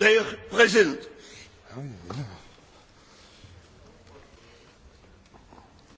Dear President. Oh,